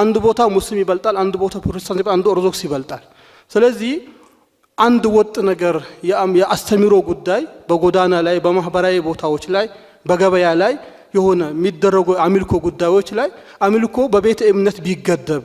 አንድ ቦታ ሙስሊም ይበልጣል፣ አንድ ቦታ ፕሮቴስታንት ይበልጣል፣ አንድ ኦርቶዶክስ ይበልጣል። ስለዚህ አንድ ወጥ ነገር የአስተምህሮ ጉዳይ በጎዳና ላይ፣ በማህበራዊ ቦታዎች ላይ፣ በገበያ ላይ የሆነ የሚደረጉ አምልኮ ጉዳዮች ላይ አምልኮ በቤተ እምነት ቢገደብ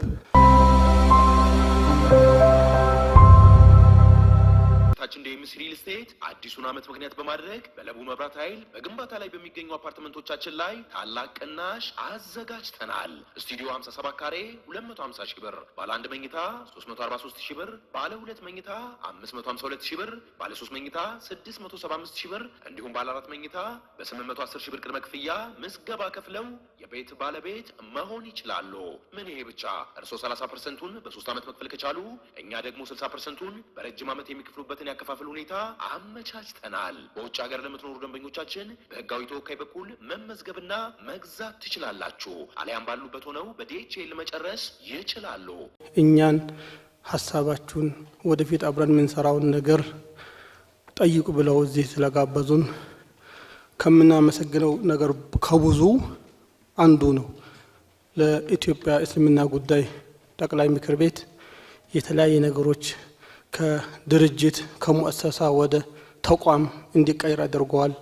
ድርጅታችን ዴምስ ሪል ስቴት አዲሱን ዓመት ምክንያት በማድረግ በለቡ መብራት ኃይል በግንባታ ላይ በሚገኙ አፓርትመንቶቻችን ላይ ታላቅ ቅናሽ አዘጋጅተናል። ስቱዲዮ 57 ካሬ 250 ሺህ ብር፣ ባለ አንድ መኝታ 343 ሺህ ብር፣ ባለ ሁለት መኝታ 552 ሺህ ብር፣ ባለ ሶስት መኝታ 675 ሺህ ብር እንዲሁም ባለ አራት መኝታ በ810 ሺህ ብር ቅድመ ክፍያ ምዝገባ ከፍለው የቤት ባለቤት መሆን ይችላሉ። ምን ይሄ ብቻ! እርስዎ 30 ፐርሰንቱን በሶስት ዓመት መክፈል ከቻሉ እኛ ደግሞ 60 ፐርሰንቱን በረጅም ዓመት የሚከፍሉበትን የአከፋፈል ሁኔታ አመቻችተናል። በውጭ ሀገር ለምትኖሩ ደንበኞቻችን በህጋዊ ተወካይ በኩል መመዝገብና መግዛት ትችላላችሁ። አሊያም ባሉበት ሆነው በዲኤችኤል መጨረስ ይችላሉ። እኛን ሀሳባችሁን ወደፊት አብረን የምንሰራውን ነገር ጠይቁ ብለው እዚህ ስለጋበዙን ከምናመሰግነው ነገር ከብዙ አንዱ ነው። ለኢትዮጵያ እስልምና ጉዳይ ጠቅላይ ምክር ቤት የተለያየ ነገሮች ከድርጅት ከሙአሰሳ ወደ ተቋም እንዲቀይር አድርገዋል።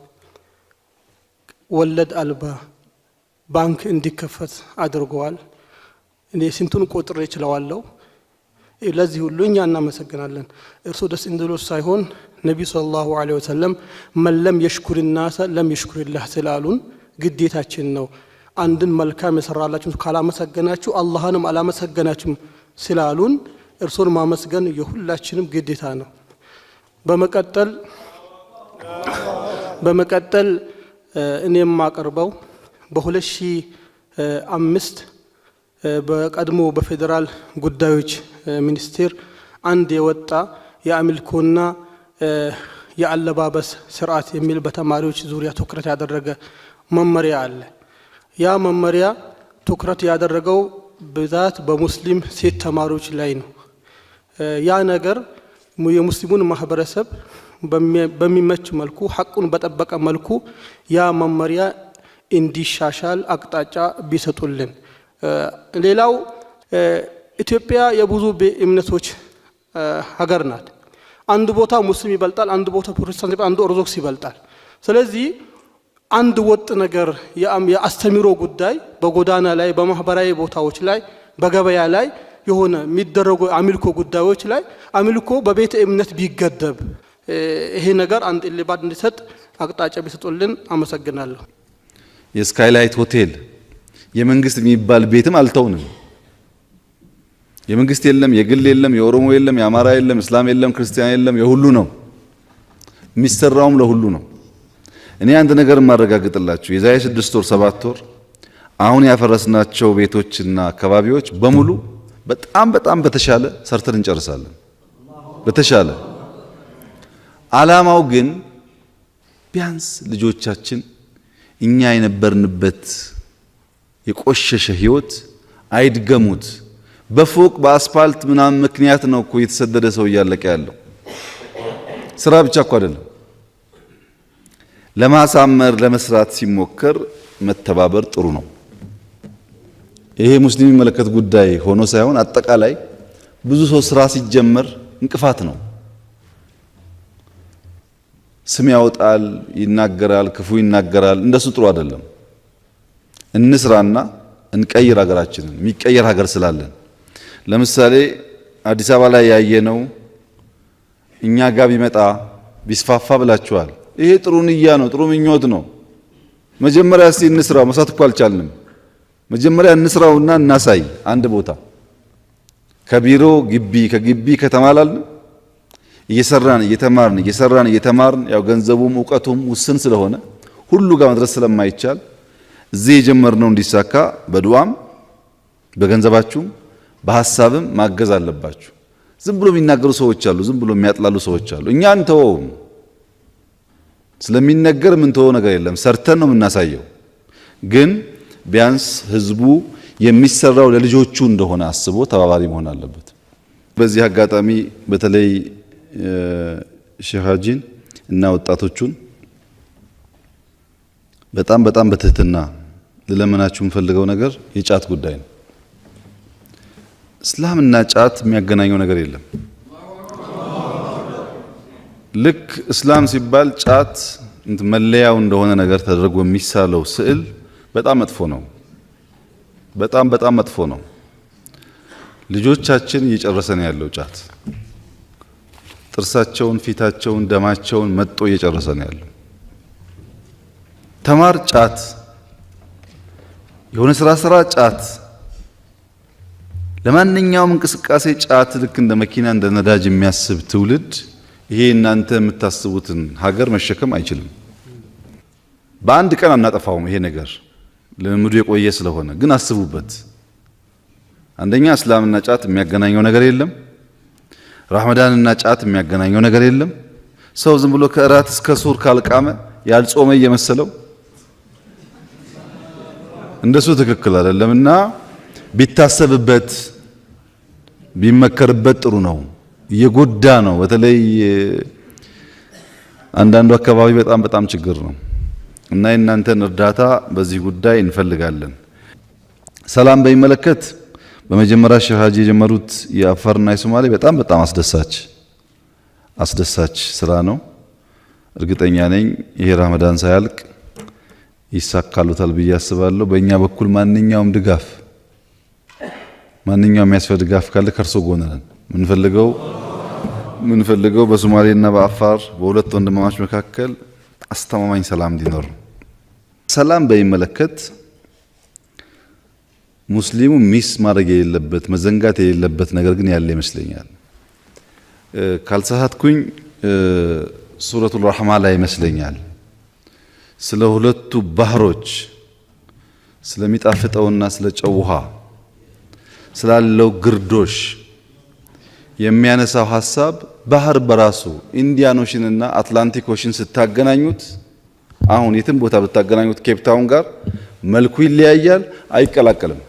ወለድ አልባ ባንክ እንዲከፈት አድርገዋል። እኔ ስንቱን ቁጥር እችለዋለሁ። ለዚህ ሁሉ እኛ እናመሰግናለን። እርሱ ደስ እንድሎ ሳይሆን ነቢዩ ሰለላሁ ዐለይሂ ወሰለም መለም የሽኩር ናሰ ለም የሽኩርላህ ስላሉን ግዴታችን ነው። አንድን መልካም የሰራላችሁ ካላመሰገናችሁ አላህንም አላመሰገናችሁም ስላሉን እርሱን ማመስገን የሁላችንም ግዴታ ነው። በመቀጠል በመቀጠል እኔ የማቀርበው በ2005 በቀድሞ በፌዴራል ጉዳዮች ሚኒስቴር አንድ የወጣ የአሚልኮና የአለባበስ ስርዓት የሚል በተማሪዎች ዙሪያ ትኩረት ያደረገ መመሪያ አለ። ያ መመሪያ ትኩረት ያደረገው ብዛት በሙስሊም ሴት ተማሪዎች ላይ ነው። ያ ነገር የሙስሊሙን ማህበረሰብ በሚመች መልኩ ሐቁን በጠበቀ መልኩ ያ መመሪያ እንዲሻሻል አቅጣጫ ቢሰጡልን። ሌላው ኢትዮጵያ የብዙ እምነቶች ሀገር ናት። አንድ ቦታ ሙስሊም ይበልጣል፣ አንድ ቦታ ፕሮቴስታንት አንዱ ኦርቶዶክስ ይበልጣል። ስለዚህ አንድ ወጥ ነገር የአስተምህሮ ጉዳይ በጎዳና ላይ፣ በማህበራዊ ቦታዎች ላይ፣ በገበያ ላይ የሆነ የሚደረጉ አምልኮ ጉዳዮች ላይ አምልኮ በቤተ እምነት ቢገደብ ይሄ ነገር አንድ እልባት እንዲሰጥ አቅጣጫ ቢሰጡልን አመሰግናለሁ። የስካይላይት ሆቴል የመንግስት የሚባል ቤትም አልተውንም። የመንግስት የለም፣ የግል የለም፣ የኦሮሞ የለም፣ የአማራ የለም፣ እስላም የለም፣ ክርስቲያን የለም፣ የሁሉ ነው። የሚሰራውም ለሁሉ ነው። እኔ አንድ ነገር ማረጋግጥላችሁ የዛሬ ስድስት ወር ሰባት ወር አሁን ያፈረስናቸው ቤቶችና አካባቢዎች በሙሉ በጣም በጣም በተሻለ ሰርተን እንጨርሳለን። በተሻለ አላማው ግን ቢያንስ ልጆቻችን እኛ የነበርንበት የቆሸሸ ህይወት አይድገሙት። በፎቅ በአስፓልት ምናምን ምክንያት ነው እኮ የተሰደደ ሰው እያለቀ ያለው። ስራ ብቻ እኮ አይደለም። ለማሳመር ለመስራት ሲሞከር መተባበር ጥሩ ነው። ይሄ ሙስሊም የሚመለከት ጉዳይ ሆኖ ሳይሆን አጠቃላይ ብዙ ሰው ስራ ሲጀመር እንቅፋት ነው። ስም ያወጣል፣ ይናገራል፣ ክፉ ይናገራል። እንደሱ ጥሩ አይደለም። እንስራና እንቀይር ሀገራችንን። የሚቀየር ሀገር ስላለን ለምሳሌ አዲስ አበባ ላይ ያየነው እኛ ጋር ቢመጣ ቢስፋፋ ብላችኋል። ይሄ ጥሩ ንያ ነው፣ ጥሩ ምኞት ነው። መጀመሪያ እስቲ እንስራው። መስራት እኮ አልቻልንም። መጀመሪያ እንስራውና እናሳይ። አንድ ቦታ ከቢሮ ግቢ ከግቢ ከተማ ላልን እየሰራን እየተማርን እየሰራን እየተማርን ያው ገንዘቡም እውቀቱም ውስን ስለሆነ ሁሉ ጋር መድረስ ስለማይቻል እዚህ የጀመርነው እንዲሳካ በዱዓም በገንዘባችሁም በሀሳብም ማገዝ አለባችሁ። ዝም ብሎ የሚናገሩ ሰዎች አሉ። ዝም ብሎ የሚያጥላሉ ሰዎች አሉ። እኛ እንተወውም። ስለሚነገር የምንተወው ነገር የለም። ሰርተን ነው የምናሳየው ግን ቢያንስ ህዝቡ የሚሰራው ለልጆቹ እንደሆነ አስቦ ተባባሪ መሆን አለበት። በዚህ አጋጣሚ በተለይ ሼህ እና ወጣቶቹን በጣም በጣም በትህትና ልለመናችሁ የምፈልገው ነገር የጫት ጉዳይ ነው። እስላም እና ጫት የሚያገናኘው ነገር የለም። ልክ እስላም ሲባል ጫት መለያው እንደሆነ ነገር ተደርጎ የሚሳለው ስዕል በጣም መጥፎ ነው። በጣም በጣም መጥፎ ነው። ልጆቻችን እየጨረሰ ነው ያለው ጫት። ጥርሳቸውን፣ ፊታቸውን፣ ደማቸውን መጦ እየጨረሰ ነው ያለው። ተማር ጫት፣ የሆነ ስራ ስራ ጫት፣ ለማንኛውም እንቅስቃሴ ጫት። ልክ እንደ መኪና እንደ ነዳጅ የሚያስብ ትውልድ ይሄ እናንተ የምታስቡትን ሀገር መሸከም አይችልም። በአንድ ቀን አናጠፋውም ይሄ ነገር ልምምዱ የቆየ ስለሆነ ግን አስቡበት። አንደኛ እስላምና ጫት የሚያገናኘው ነገር የለም። ራመዳንና ጫት የሚያገናኘው ነገር የለም። ሰው ዝም ብሎ ከእራት እስከ ሱር ካልቃመ ያልጾመ እየመሰለው እንደሱ ትክክል አይደለም እና ቢታሰብበት ቢመከርበት ጥሩ ነው። እየጎዳ ነው። በተለይ አንዳንዱ አካባቢ በጣም በጣም ችግር ነው። እና የእናንተን እርዳታ በዚህ ጉዳይ እንፈልጋለን። ሰላም በሚመለከት በመጀመሪያ ሼህ ሀጂ የጀመሩት የአፋርና የሶማሌ በጣም በጣም አስደሳች አስደሳች ስራ ነው። እርግጠኛ ነኝ ይሄ ረመዳን ሳያልቅ ይሳካሉታል ብዬ አስባለሁ። በእኛ በኩል ማንኛውም ድጋፍ ማንኛውም የሚያስፈልግ ድጋፍ ካለ ከእርሶ ጎን ነን። ምንፈልገው ምንፈልገው በሶማሌና በአፋር በሁለት ወንድማማች መካከል አስተማማኝ ሰላም እንዲኖር ነው። ሰላም በሚመለከት ሙስሊሙ ሚስ ማድረግ የሌለበት መዘንጋት የሌለበት ነገር ግን ያለ ይመስለኛል። ካልሳሳትኩኝ ሱረቱ ረሕማ ላይ ይመስለኛል ስለ ሁለቱ ባህሮች ስለሚጣፍጠውና ስለ ጨውሃ ውሃ ስላለው ግርዶሽ የሚያነሳው ሀሳብ ባህር በራሱ ኢንዲያን ኦሽንና አትላንቲክ ኦሽን ስታገናኙት አሁን የትም ቦታ ብታገናኙት ኬፕታውን ጋር መልኩ ይለያያል፣ አይቀላቀልም።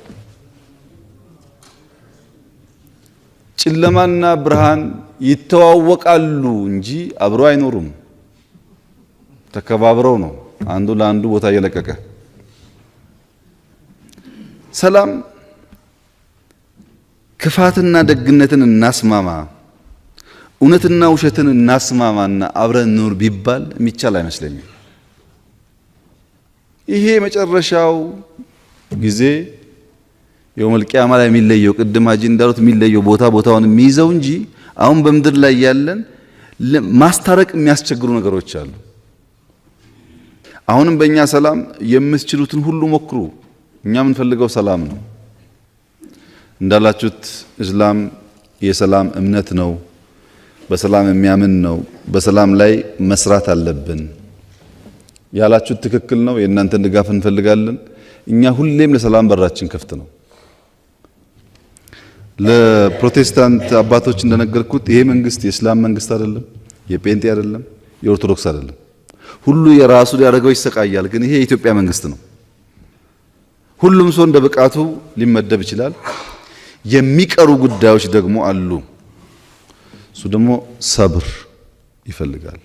ጨለማና ብርሃን ይተዋወቃሉ እንጂ አብሮ አይኖሩም። ተከባብረው ነው አንዱ ለአንዱ ቦታ እየለቀቀ ሰላም ክፋትና ደግነትን እናስማማ፣ እውነትና ውሸትን እናስማማና አብረን ኑር ቢባል የሚቻል አይመስለኝም። ይሄ የመጨረሻው ጊዜ የውመል ቂያማ ላይ የሚለየው ቅድም ሀጂ እንዳሉት የሚለየው ቦታ ቦታውን የሚይዘው እንጂ አሁን በምድር ላይ ያለን ማስታረቅ የሚያስቸግሩ ነገሮች አሉ። አሁንም በእኛ ሰላም የምትችሉትን ሁሉ ሞክሩ። እኛ የምንፈልገው ሰላም ነው። እንዳላችሁት እስላም የሰላም እምነት ነው። በሰላም የሚያምን ነው። በሰላም ላይ መስራት አለብን ያላችሁት ትክክል ነው። የእናንተን ድጋፍ እንፈልጋለን። እኛ ሁሌም ለሰላም በራችን ክፍት ነው። ለፕሮቴስታንት አባቶች እንደነገርኩት ይሄ መንግስት የእስላም መንግስት አይደለም፣ የጴንጤ አይደለም፣ የኦርቶዶክስ አይደለም። ሁሉ የራሱ ሊያደርገው ይሰቃያል። ግን ይሄ የኢትዮጵያ መንግስት ነው። ሁሉም ሰው እንደ ብቃቱ ሊመደብ ይችላል። የሚቀሩ ጉዳዮች ደግሞ አሉ። እሱ ደግሞ ሰብር ይፈልጋል።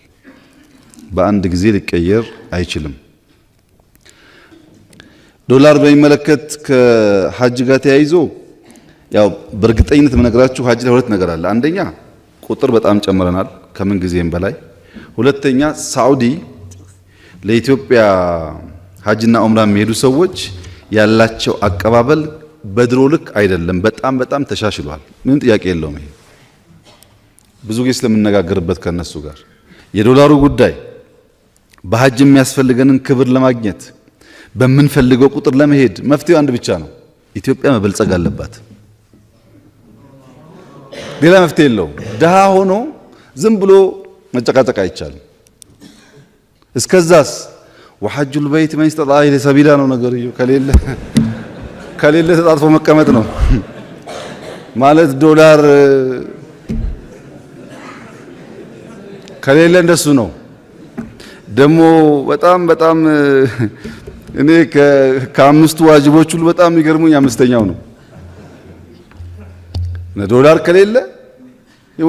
በአንድ ጊዜ ሊቀየር አይችልም። ዶላር በሚመለከት ከሀጅ ጋር ተያይዞ ያው በእርግጠኝነት የምነግራችሁ ሀጅ ላይ ሁለት ነገር አለ። አንደኛ ቁጥር በጣም ጨምረናል ከምን ጊዜም በላይ። ሁለተኛ ሳዑዲ ለኢትዮጵያ ሀጅና ኡምራ የሚሄዱ ሰዎች ያላቸው አቀባበል በድሮ ልክ አይደለም፣ በጣም በጣም ተሻሽሏል። ምንም ጥያቄ የለውም። ይሄ ብዙ ጊዜ ስለምነጋገርበት ከነሱ ጋር የዶላሩ ጉዳይ በሀጅ የሚያስፈልገንን ክብር ለማግኘት በምንፈልገው ቁጥር ለመሄድ መፍትሄው አንድ ብቻ ነው። ኢትዮጵያ መበልጸግ አለባት። ሌላ መፍትሄ የለውም። ድሃ ሆኖ ዝም ብሎ መጨቃጨቅ አይቻልም። እስከዛስ ወሐጁል በይት መን ስተጣዐ ኢለይሂ ሰቢላ ነው ነገርየው ከሌለ ከሌለ ተጣጥፎ መቀመጥ ነው ማለት ዶላር ከሌለ እንደሱ ነው። ደግሞ በጣም በጣም እኔ ከአምስቱ ዋጅቦች ሁሉ በጣም የሚገርሙኝ አምስተኛው ነው። ዶላር ከሌለ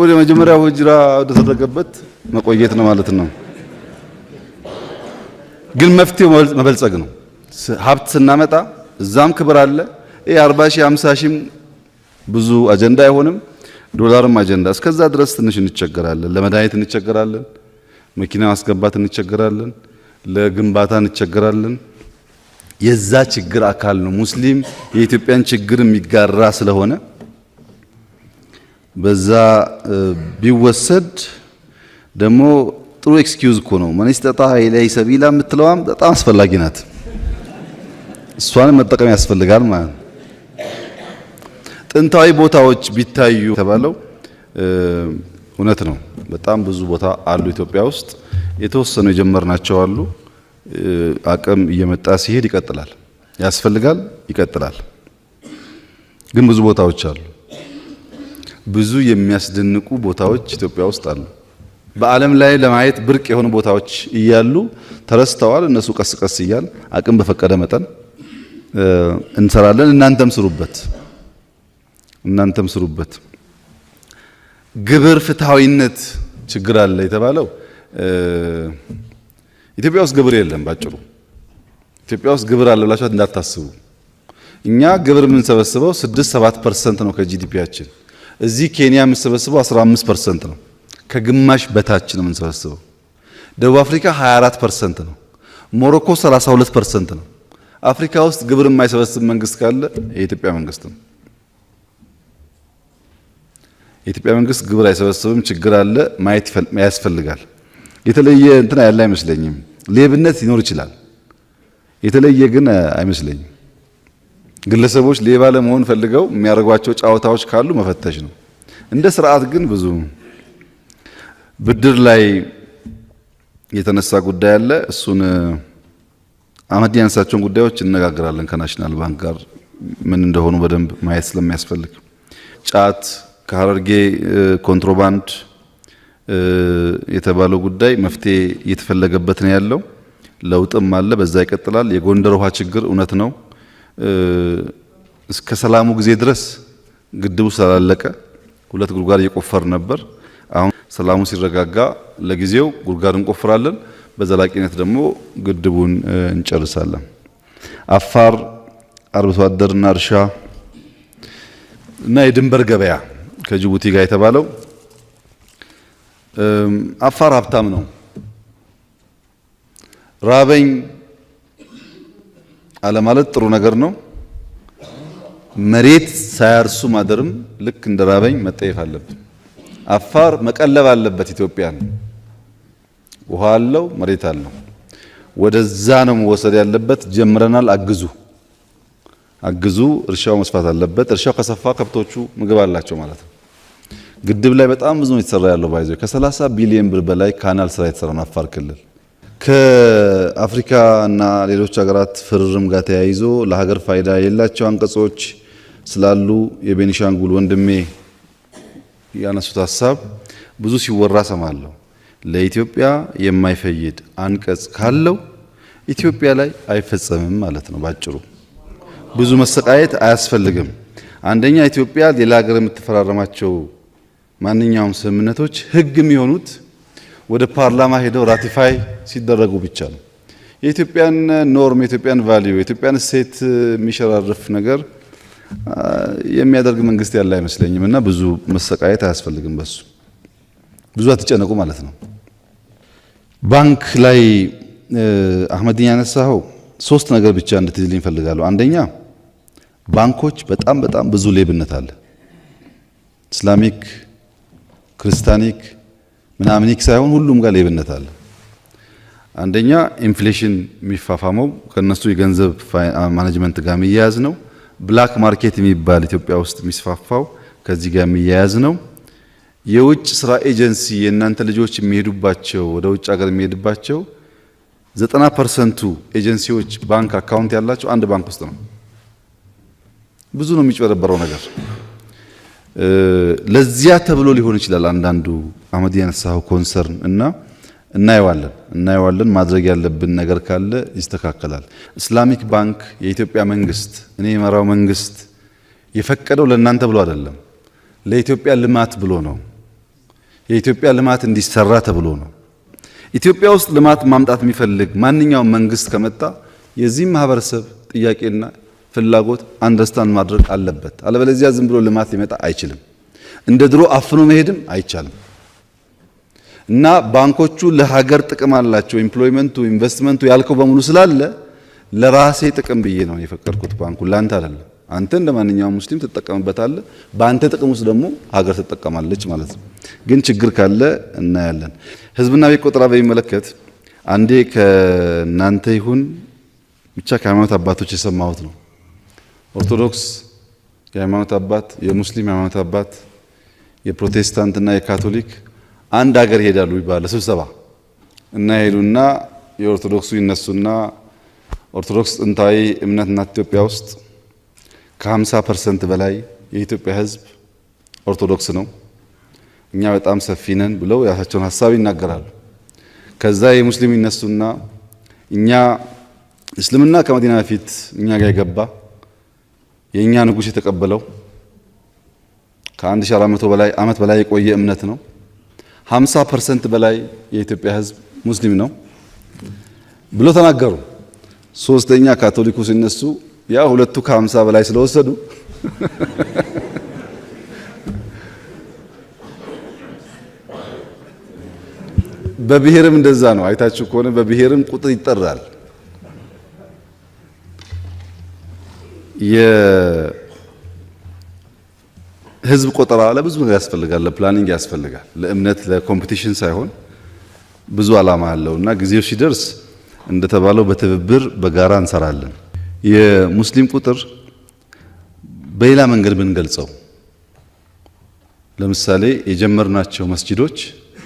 ወደ መጀመሪያ ወጅራ ወደተደረገበት መቆየት ነው ማለት ነው። ግን መፍትሄው መበልጸግ ነው። ሀብት ስናመጣ እዛም ክብር አለ። ይሄ 40 ሺህ 50 ሺህም ብዙ አጀንዳ አይሆንም። ዶላርም አጀንዳ እስከዛ ድረስ ትንሽ እንቸገራለን። ለመድኃኒት እንቸገራለን። መኪና ማስገባት እንቸገራለን። ለግንባታ እንቸገራለን። የዛ ችግር አካል ነው። ሙስሊም የኢትዮጵያን ችግር የሚጋራ ስለሆነ በዛ ቢወሰድ ደግሞ ጥሩ ኤክስኪውዝ እኮ ነው። መን ስተጣ ኢለይሂ ሰቢላ የምትለዋም በጣም አስፈላጊ ናት። እሷንም መጠቀም ያስፈልጋል ማለት ነው። ጥንታዊ ቦታዎች ቢታዩ የተባለው እውነት ነው። በጣም ብዙ ቦታ አሉ ኢትዮጵያ ውስጥ የተወሰኑ የጀመርናቸው አሉ። አቅም እየመጣ ሲሄድ ይቀጥላል፣ ያስፈልጋል፣ ይቀጥላል። ግን ብዙ ቦታዎች አሉ። ብዙ የሚያስደንቁ ቦታዎች ኢትዮጵያ ውስጥ አሉ። በዓለም ላይ ለማየት ብርቅ የሆኑ ቦታዎች እያሉ ተረስተዋል። እነሱ ቀስ ቀስ እያል አቅም በፈቀደ መጠን እንሰራለን። እናንተም ስሩበት፣ እናንተም ስሩበት። ግብር ፍትሐዊነት ችግር አለ የተባለው ኢትዮጵያ ውስጥ ግብር የለም። ባጭሩ ኢትዮጵያ ውስጥ ግብር አለ ብላችኋት እንዳታስቡ። እኛ ግብር የምንሰበስበው 6 7 ፐርሰንት ነው ከጂዲፒያችን። እዚህ ኬንያ የምንሰበስበው 15 ፐርሰንት ነው፣ ከግማሽ በታች ነው የምንሰበስበው። ደቡብ አፍሪካ 24 ፐርሰንት ነው። ሞሮኮ 32 ፐርሰንት ነው። አፍሪካ ውስጥ ግብር የማይሰበስብ መንግስት ካለ የኢትዮጵያ መንግስት ነው። የኢትዮጵያ መንግስት ግብር አይሰበስብም፣ ችግር አለ ማየት ያስፈልጋል። የተለየ እንትን ያለ አይመስለኝም። ሌብነት ሊኖር ይችላል፣ የተለየ ግን አይመስለኝም። ግለሰቦች ሌባ ለመሆን ፈልገው የሚያደርጓቸው ጨዋታዎች ካሉ መፈተሽ ነው። እንደ ስርዓት ግን ብዙ ብድር ላይ የተነሳ ጉዳይ አለ እሱን አህመድ ያነሳቸውን ጉዳዮች እነጋገራለን ከናሽናል ባንክ ጋር ምን እንደሆኑ በደንብ ማየት ስለሚያስፈልግ ጫት ከሀረርጌ ኮንትሮባንድ የተባለው ጉዳይ መፍትሄ እየተፈለገበት ነው ያለው። ለውጥም አለ፣ በዛ ይቀጥላል። የጎንደር ውሃ ችግር እውነት ነው። እስከ ሰላሙ ጊዜ ድረስ ግድቡ ስላላለቀ ሁለት ጉድጓድ እየቆፈር ነበር። አሁን ሰላሙ ሲረጋጋ ለጊዜው ጉድጓድ እንቆፍራለን። በዘላቂነት ደግሞ ግድቡን እንጨርሳለን። አፋር አርብቶ አደርና እርሻ እና የድንበር ገበያ ከጅቡቲ ጋር የተባለው አፋር ሀብታም ነው። ራበኝ አለማለት ጥሩ ነገር ነው። መሬት ሳያርሱ ማደርም ልክ እንደ ራበኝ መጠየፍ አለብን። አፋር መቀለብ አለበት ኢትዮጵያን። ውሃ አለው፣ መሬት አለው። ወደዛ ነው መወሰድ ያለበት። ጀምረናል። አግዙ አግዙ። እርሻው መስፋት አለበት። እርሻው ከሰፋ ከብቶቹ ምግብ አላቸው ማለት ነው። ግድብ ላይ በጣም ብዙ የተሰራ ያለው ባይዞ ከ30 ቢሊዮን ብር በላይ ካናል ስራ የተሰራ ነው። አፋር ክልል ከአፍሪካ እና ሌሎች ሀገራት ፍርርም ጋር ተያይዞ ለሀገር ፋይዳ የሌላቸው አንቀጾች ስላሉ የቤኒሻንጉል ወንድሜ ያነሱት ሀሳብ ብዙ ሲወራ ሰማለሁ። ለኢትዮጵያ የማይፈይድ አንቀጽ ካለው ኢትዮጵያ ላይ አይፈጸምም ማለት ነው። ባጭሩ ብዙ መሰቃየት አያስፈልግም። አንደኛ ኢትዮጵያ ሌላ ሀገር የምትፈራረማቸው ማንኛውም ስምምነቶች ህግ የሚሆኑት ወደ ፓርላማ ሄደው ራቲፋይ ሲደረጉ ብቻ ነው። የኢትዮጵያን ኖርም፣ የኢትዮጵያን ቫሊዩ፣ የኢትዮጵያን እሴት የሚሸራርፍ ነገር የሚያደርግ መንግስት ያለ አይመስለኝም እና ብዙ መሰቃየት አያስፈልግም። በሱ ብዙ አትጨነቁ ማለት ነው። ባንክ ላይ አህመድን ያነሳኸው ሶስት ነገር ብቻ እንድትይዝልኝ እፈልጋለሁ። አንደኛ ባንኮች በጣም በጣም ብዙ ሌብነት አለ። እስላሚክ ክርስቲያኒክ ምናምኒክ ሳይሆን ሁሉም ጋር ሌብነት አለ። አንደኛ ኢንፍሌሽን የሚፋፋመው ከነሱ የገንዘብ ማኔጅመንት ጋር የሚያያዝ ነው። ብላክ ማርኬት የሚባል ኢትዮጵያ ውስጥ የሚስፋፋው ከዚህ ጋር የሚያያዝ ነው። የውጭ ስራ ኤጀንሲ የእናንተ ልጆች የሚሄዱባቸው ወደ ውጭ ሀገር የሚሄድባቸው ዘጠና ፐርሰንቱ ኤጀንሲዎች ባንክ አካውንት ያላቸው አንድ ባንክ ውስጥ ነው። ብዙ ነው የሚጭበረበረው ነገር። ለዚያ ተብሎ ሊሆን ይችላል። አንዳንዱ አህመድ ያነሳው ኮንሰርን እና እናየዋለን እናየዋለን። ማድረግ ያለብን ነገር ካለ ይስተካከላል። ኢስላሚክ ባንክ የኢትዮጵያ መንግስት፣ እኔ የመራው መንግስት የፈቀደው ለእናንተ ብሎ አይደለም፣ ለኢትዮጵያ ልማት ብሎ ነው። የኢትዮጵያ ልማት እንዲሰራ ተብሎ ነው። ኢትዮጵያ ውስጥ ልማት ማምጣት የሚፈልግ ማንኛውም መንግስት ከመጣ የዚህ ማህበረሰብ ጥያቄና ፍላጎት አንደርስታንድ ማድረግ አለበት። አለበለዚያ ዝም ብሎ ልማት ሊመጣ አይችልም። እንደ ድሮ አፍኖ መሄድም አይቻልም እና ባንኮቹ ለሀገር ጥቅም አላቸው። ኢምፕሎይመንቱ፣ ኢንቨስትመንቱ ያልከው በሙሉ ስላለ ለራሴ ጥቅም ብዬ ነው የፈቀድኩት ባንኩ ላንተ አይደለም። አንተ እንደ ማንኛውም ሙስሊም ትጠቀምበታለህ። በአንተ ጥቅም ውስጥ ደግሞ ሀገር ትጠቀማለች ማለት ነው። ግን ችግር ካለ እናያለን። ህዝብና ቤት ቆጠራ በሚመለከት አንዴ ከእናንተ ይሁን ብቻ ከሃይማኖት አባቶች የሰማሁት ነው። ኦርቶዶክስ የሃይማኖት አባት፣ የሙስሊም የሃይማኖት አባት፣ የፕሮቴስታንትና የካቶሊክ አንድ ሀገር ይሄዳሉ ይባላል ስብሰባ እና ይሄዱና የኦርቶዶክሱ ይነሱና ኦርቶዶክስ ጥንታዊ እምነት ኢትዮጵያ ውስጥ ከ50 ፐርሰንት በላይ የኢትዮጵያ ህዝብ ኦርቶዶክስ ነው። እኛ በጣም ሰፊ ነን ብለው የራሳቸውን ሀሳብ ይናገራሉ። ከዛ የሙስሊም ይነሱና እኛ እስልምና ከመዲና በፊት እኛ ጋር የገባ የእኛ ንጉሥ የተቀበለው ከ1400 በላይ ዓመት በላይ የቆየ እምነት ነው። 50 ፐርሰንት በላይ የኢትዮጵያ ህዝብ ሙስሊም ነው ብሎ ተናገሩ። ሶስተኛ ካቶሊኩ ሲነሱ ያ ሁለቱ ከሀምሳ በላይ ስለወሰዱ በብሔርም እንደዛ ነው። አይታችሁ ከሆነ በብሔርም ቁጥር ይጠራል። የህዝብ ቆጠራ ለብዙ ነገር ያስፈልጋል፣ ለፕላኒንግ ያስፈልጋል፣ ለእምነት ለኮምፒቲሽን ሳይሆን ብዙ አላማ አለው እና ጊዜው ሲደርስ እንደተባለው በትብብር በጋራ እንሰራለን። የሙስሊም ቁጥር በሌላ መንገድ ብንገልጸው ለምሳሌ የጀመርናቸው መስጂዶች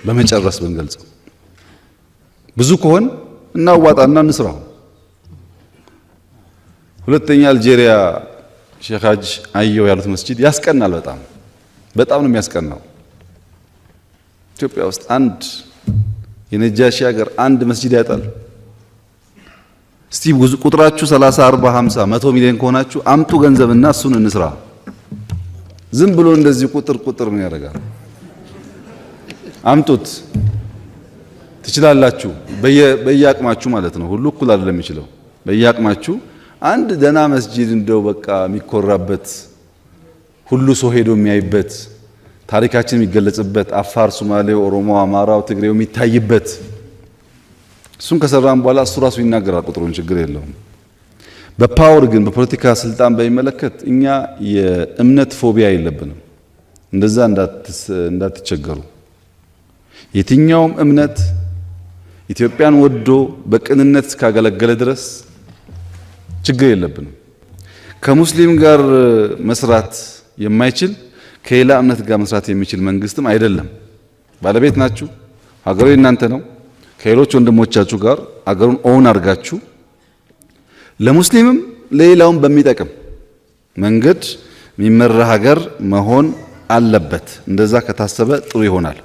በመጨረስ ብንገልጸው ብዙ ከሆን እናዋጣና እንስራው። ሁለተኛ አልጄሪያ ሼክ ሀጅ አየው ያሉት መስጂድ ያስቀናል። በጣም በጣም ነው የሚያስቀናው። ኢትዮጵያ ውስጥ አንድ የነጃሺ ሀገር አንድ መስጂድ ያጣል። እስቲ ቁጥራችሁ 30፣ 40፣ 50፣ 100 ሚሊዮን ከሆናችሁ አምጡ ገንዘብና እሱን እንስራ። ዝም ብሎ እንደዚህ ቁጥር ቁጥር ምን ያደርጋል? አምጡት። ትችላላችሁ፣ በየአቅማችሁ ማለት ነው። ሁሉ እኩል አይደለም የሚችለው። በየአቅማችሁ አንድ ደህና መስጂድ እንደው በቃ የሚኮራበት ሁሉ ሰው ሄዶ የሚያይበት ታሪካችን የሚገለጽበት አፋር፣ ሶማሌው፣ ኦሮሞ፣ አማራው፣ ትግሬው የሚታይበት እሱን ከሰራን በኋላ እሱ ራሱ ይናገራል ቁጥሩን፣ ችግር የለውም። በፓወር ግን በፖለቲካ ስልጣን በሚመለከት እኛ የእምነት ፎቢያ የለብንም። እንደዛ እንዳትቸገሩ። የትኛውም እምነት ኢትዮጵያን ወዶ በቅንነት እስካገለገለ ድረስ ችግር የለብንም። ከሙስሊም ጋር መስራት የማይችል ከሌላ እምነት ጋር መስራት የሚችል መንግስትም አይደለም። ባለቤት ናችሁ። ሀገሩ የእናንተ ነው። ከሌሎች ወንድሞቻችሁ ጋር አገሩን ኦን አድርጋችሁ ለሙስሊምም ለሌላውም በሚጠቅም መንገድ የሚመራ ሀገር መሆን አለበት። እንደዛ ከታሰበ ጥሩ ይሆናል።